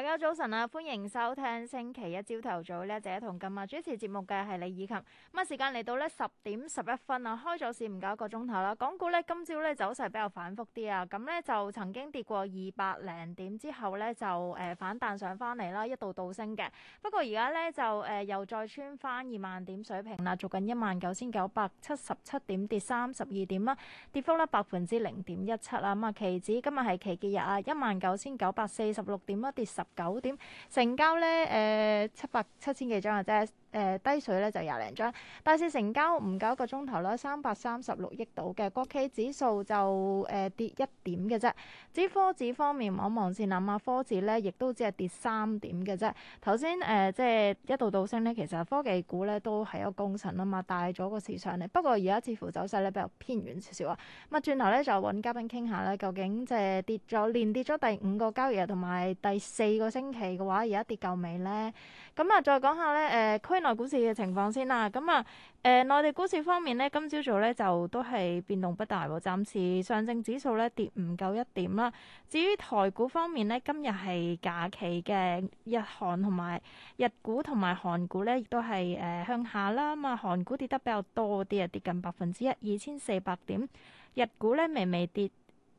大家早晨啊！歡迎收聽星期一朝頭早咧，一同今日主持節目嘅係李以琴。咁啊，時間嚟到呢？十點十一分啊，開咗市唔夠一個鐘頭啦。港股呢，今朝呢，走勢比較反覆啲啊，咁呢，就曾經跌過二百零點之後呢，就誒反彈上翻嚟啦，一度倒升嘅。不過而家呢，就誒又再穿翻二萬點水平啦，做近一萬九千九百七十七點，跌三十二點啦，跌幅咧百分之零點一七啊。咁啊，期指今日係期結日啊，一萬九千九百四十六點啦，跌十。九點成交咧，誒、呃，七百七千幾張啊，即係。誒、呃、低水咧就廿零張，大市成交唔夠一個鐘頭啦，三百三十六億度嘅，國企指數就誒、呃、跌一點嘅啫。至於科指方面，我望先諗下，科指咧亦都只係跌三點嘅啫。頭先誒即係一度倒升咧，其實科技股咧都係一個功臣啊嘛，帶咗個市場咧。不過而家似乎走勢咧比較偏軟少少啊。咁啊，轉頭咧就揾嘉賓傾下咧，究竟即係跌咗連跌咗第五個交易日同埋第四個星期嘅話，而家跌夠未咧？咁啊，再講下咧誒、呃呃內股市嘅情況先啦，咁、嗯、啊，誒、呃，內地股市方面呢，今朝早、早呢就都係變動不大，暫時上證指數呢跌唔夠一點啦。至於台股方面呢，今日係假期嘅，日韓同埋日股同埋韓股呢，亦都係誒、呃、向下啦。咁、嗯、啊，韓股跌得比較多啲啊，跌近百分之一，二千四百點。日股呢，微微跌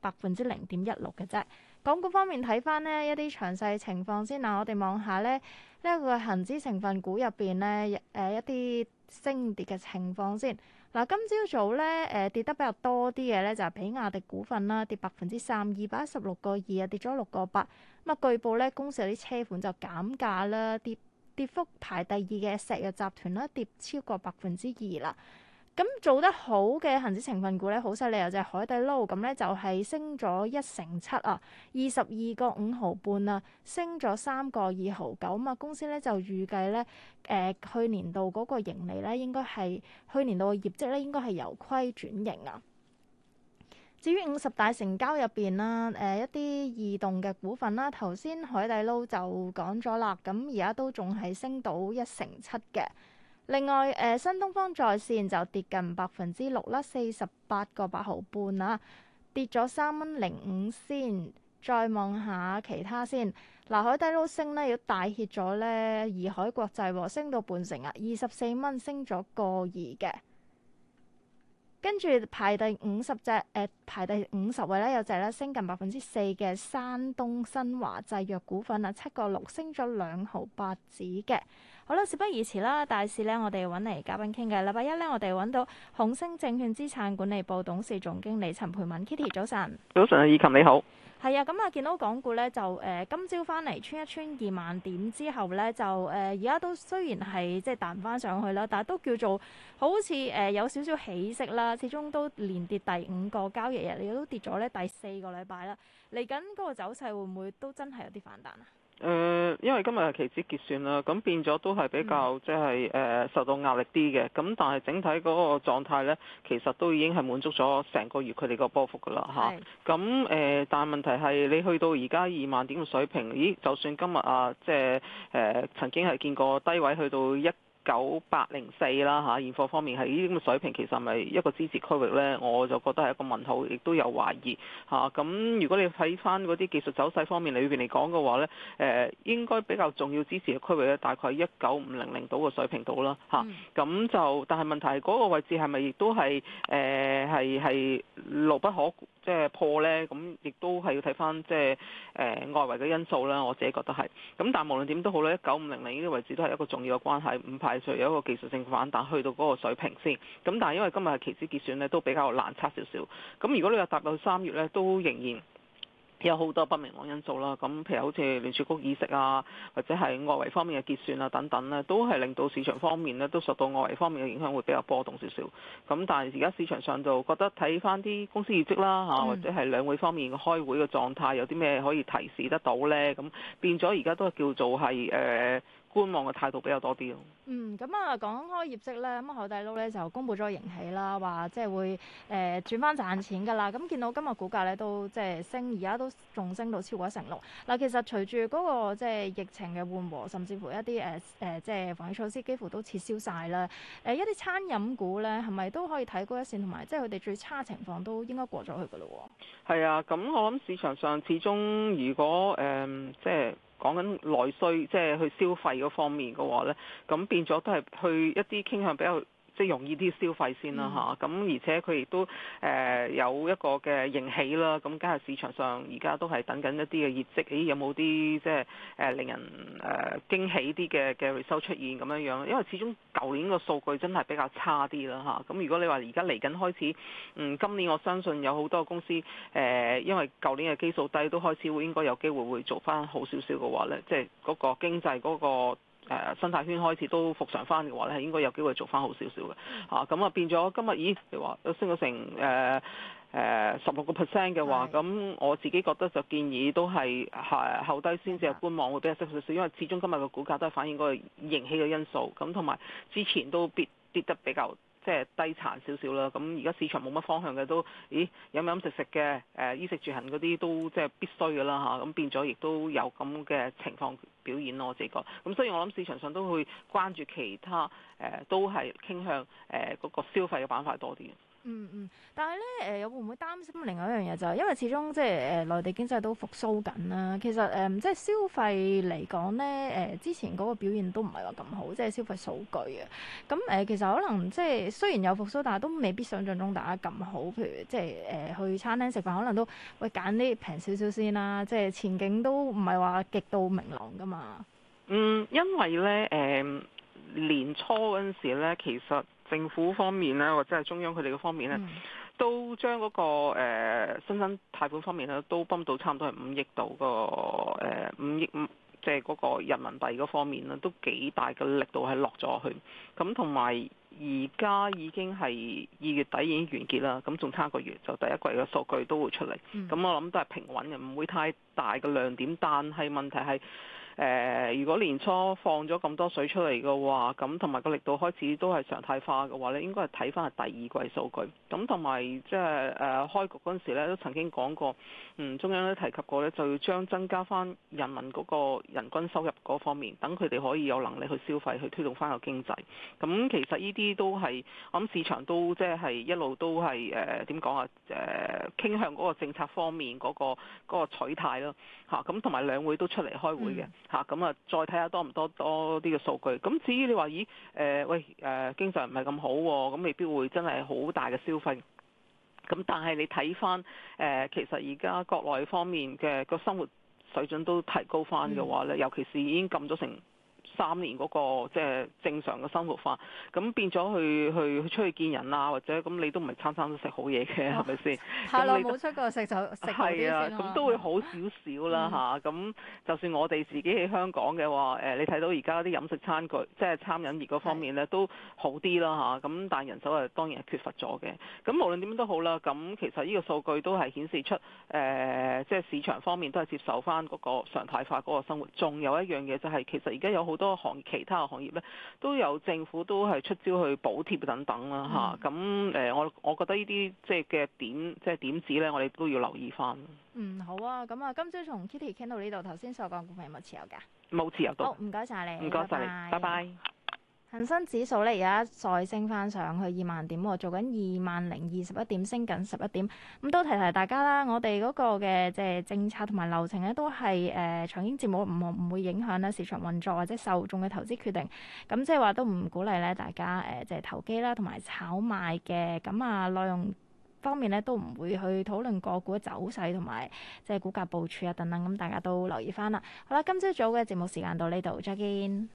百分之零點一六嘅啫。港股方面睇翻呢一啲詳細情況先嗱，我哋望下咧呢一個恆指成分股入邊呢誒一啲升跌嘅情況先嗱。今朝早呢誒跌得比較多啲嘅呢，就係比亞迪股份啦，跌百分之三二百一十六個二啊，跌咗六個八。咁啊，據報呢，公司有啲車款就減價啦，跌跌幅排第二嘅石藥集團啦，跌超過百分之二啦。咁做得好嘅恆指成分股咧，好犀利有隻海底撈，咁咧就係升咗一成七啊，二十二個五毫半啊，升咗三個二毫九。咁啊，公司咧就預計咧，誒、呃、去年度嗰個盈利咧，應該係去年度嘅業績咧，應該係由虧轉盈啊。至於五十大成交入邊啦，誒、呃、一啲異動嘅股份啦，頭先海底撈就講咗啦，咁而家都仲係升到一成七嘅。另外，誒、呃、新東方在線就跌近百分之六啦，四十八個八毫半啊，跌咗三蚊零五先。再望下其他先，嗱、啊，海底撈升咧，要大瀉咗咧，怡海國際升到半成啊，二十四蚊升咗個二嘅。跟住排第五十隻，誒、呃、排第五十位咧有隻咧升近百分之四嘅山東新華製藥股份啊，七個六升咗兩毫八子嘅。好啦，事不宜遲啦，大市呢，我哋揾嚟嘉賓傾偈。禮拜一呢，我哋揾到紅星證券資產管理部董事總經理陳蓓敏，Kitty，早晨上。早晨上，阿以琴你好。係啊，咁、嗯、啊，見到港股呢，就誒、呃、今朝翻嚟穿一穿二萬點之後呢，就誒而家都雖然係即係彈翻上去啦，但係都叫做好似誒、呃、有少少起色啦。始終都連跌第五個交易日，你都跌咗呢，第四個禮拜啦。嚟緊嗰個走勢會唔會都真係有啲反彈啊？誒、嗯，因為今日係期指結算啦，咁變咗都係比較即係誒受到壓力啲嘅，咁但係整體嗰個狀態呢，其實都已經係滿足咗成個月佢哋個波幅噶啦嚇。咁誒是、啊，但問題係你去到而家二萬點嘅水平，咦？就算今日啊，即係誒曾經係見過低位去到一九八零四啦嚇，現貨方面係呢啲咁嘅水平，其實係咪一個支持區域呢，我就覺得係一個問號，亦都有懷疑嚇。咁、啊、如果你睇翻嗰啲技術走勢方面裏邊嚟講嘅話呢，誒、啊、應該比較重要支持嘅區域咧，大概一九五零零到嘅水平度啦嚇。咁、啊、就、mm. 但係問題係嗰、嗰個位置係咪亦都係誒係係牢不可即係破呢，咁亦都係要睇返即係誒、呃、外圍嘅因素啦。我自己覺得係，咁但係無論點都好啦，一九五零零呢個位置都係一個重要嘅關係，唔排除有一個技術性反彈去到嗰個水平先。咁但係因為今日係期指結算呢都比較難測少少。咁如果你又達到三月呢，都仍然。有好多不明朗因素啦，咁譬如好似聯儲局議息啊，或者係外圍方面嘅結算啊等等呢，都係令到市場方面呢，都受到外圍方面嘅影響，會比較波動少少。咁但係而家市場上就覺得睇翻啲公司業績啦，嚇或者係兩會方面開會嘅狀態，有啲咩可以提示得到呢？咁變咗而家都叫做係誒。呃觀望嘅態度比較多啲咯。嗯，咁啊，講開業績咧，咁、嗯、海底撈咧就公布咗盈喜啦，話即係會誒、呃、轉翻賺錢㗎啦。咁、嗯、見到今日股價咧都即係升，而家都仲升到超過一成六。嗱，其實隨住嗰、那個即係、就是、疫情嘅緩和，甚至乎一啲誒誒即係防疫措施幾乎都撤銷晒啦。誒、呃、一啲餐飲股咧係咪都可以睇高一線，同埋即係佢哋最差情況都應該過咗去㗎咯？喎。係啊，咁我諗市場上始終如果誒、呃呃、即係。講緊內需，即係去消費嗰方面嘅話咧，咁變咗都係去一啲傾向比較，即係容易啲消費先啦，啊、吓，咁，啊、而且佢亦都誒、呃、有一個嘅認起啦，咁梗係市場上而家都係等緊一啲嘅業績，咦，欸、有冇啲即係誒令人誒、呃、驚喜啲嘅嘅回收出現咁樣樣？因為始終舊年個數據真係比較差啲啦吓，咁，啊、如果你話而家嚟緊開始，嗯今年我相信有好多公司誒、呃，因為舊年嘅基數低，都開始會應該有機會會做翻好少少嘅話呢，即係嗰個經濟嗰、那個。誒、啊、生態圈開始都復常翻嘅話咧，應該有機會做翻好少少嘅嚇。咁啊變咗今日，咦？你話升咗成誒誒十六個 percent 嘅話，咁的我自己覺得就建議都係係、啊、後低先至係觀望，會比較識少少，因為始終今日嘅股價都係反映嗰個盈喜嘅因素，咁同埋之前都跌跌得比較。即係低殘少少啦，咁而家市場冇乜方向嘅都，咦飲飲食食嘅，誒、呃、衣食住行嗰啲都即係必須㗎啦嚇，咁、啊、變咗亦都有咁嘅情況表演咯，我自己覺得。咁所以我諗市場上都會關注其他，誒、呃、都係傾向誒嗰、呃那個消費嘅板塊多啲。嗯嗯，但係咧誒，有、呃、會唔會擔心另外一樣嘢就係，因為始終即係誒內地經濟都復甦緊啦。其實誒、呃、即係消費嚟講咧，誒、呃、之前嗰個表現都唔係話咁好，即係消費數據啊。咁誒、呃、其實可能即係雖然有復甦，但係都未必想像中大家咁好。譬如即係誒、呃、去餐廳食飯，可能都會揀啲平少少先啦。即係前景都唔係話極度明朗㗎嘛。嗯，因為咧誒、呃、年初嗰陣時咧，其實。政府方面呢，或者係中央佢哋嘅方面呢、嗯那個呃，都將嗰個新增貸款方面呢，都泵到差唔多係五億度個誒五億五，即係嗰個人民幣嗰方面呢，都幾大嘅力度係落咗去。咁同埋而家已經係二月底已經完結啦，咁仲差一個月就第一季嘅數據都會出嚟。咁、嗯、我諗都係平穩嘅，唔會太大嘅亮點。但係問題係。誒、呃，如果年初放咗咁多水出嚟嘅話，咁同埋個力度開始都係常態化嘅話，咧，應該係睇翻係第二季數據。咁同埋即係誒、呃、開局嗰陣時咧，都曾經講過，嗯，中央都提及過咧，就要將增加翻人民嗰個人均收入嗰方面，等佢哋可以有能力去消費去推動翻個經濟。咁其實呢啲都係我諗市場都即係一路都係誒點講啊？誒、呃、傾、呃、向嗰個政策方面嗰、嗰個嗰、嗰個嗰個取態咯，吓咁同埋兩會都出嚟開會嘅。嗯吓，咁啊，再睇下多唔多多啲嘅數據。咁至於你話，咦誒、呃、喂誒、呃，經濟唔係咁好，咁、哦、未必會真係好大嘅消費。咁但係你睇翻誒，其實而家國內方面嘅個生活水準都提高翻嘅話咧，嗯、尤其是已經撳咗成三年嗰、那個即係、就是、正常嘅生活化，咁變咗去去出去見人啊，或者咁你都唔係餐餐都食好嘢嘅，係咪先？咁你冇出過食你就食嗰啲先咯，係啊，咁都會好少少啦吓，咁、嗯啊、就算我哋自己喺香港嘅話，誒、呃、你睇到而家啲飲食餐具，即、就、係、是、餐飲業嗰方面咧是都好啲啦吓，咁、啊、但人手係當然係缺乏咗嘅。咁無論點都好啦。咁其實呢個數據都係顯示出誒，即、呃、係、就是、市場方面都係接受翻嗰個常態化嗰個生活。仲有一樣嘢就係其實而家有好多。多行其他嘅行業咧，都有政府都係出招去補貼等等啦、啊、嚇。咁誒、嗯啊，我我覺得呢啲即係嘅點，即係點子咧，我哋都要留意翻。嗯，好啊。咁啊，今朝從 Kitty 傾到呢度，頭先所講股份有冇持有㗎？冇持有到。好，唔該晒你，唔該晒你。拜拜。拜拜恒生指數咧，而家再升翻上去二萬點喎，做緊二萬零二十一點，升緊十一點。咁都提提大家啦，我哋嗰個嘅即係政策同埋流程咧，都係誒長經節目，唔唔會影響咧市場運作或者受眾嘅投資決定。咁即係話都唔鼓勵咧，大家誒即係投機啦，同埋炒賣嘅咁啊，內容方面咧都唔會去討論個股嘅走勢同埋即係股價部署啊等等。咁大家都留意翻啦。好啦，今朝早嘅節目時間到呢度，再見。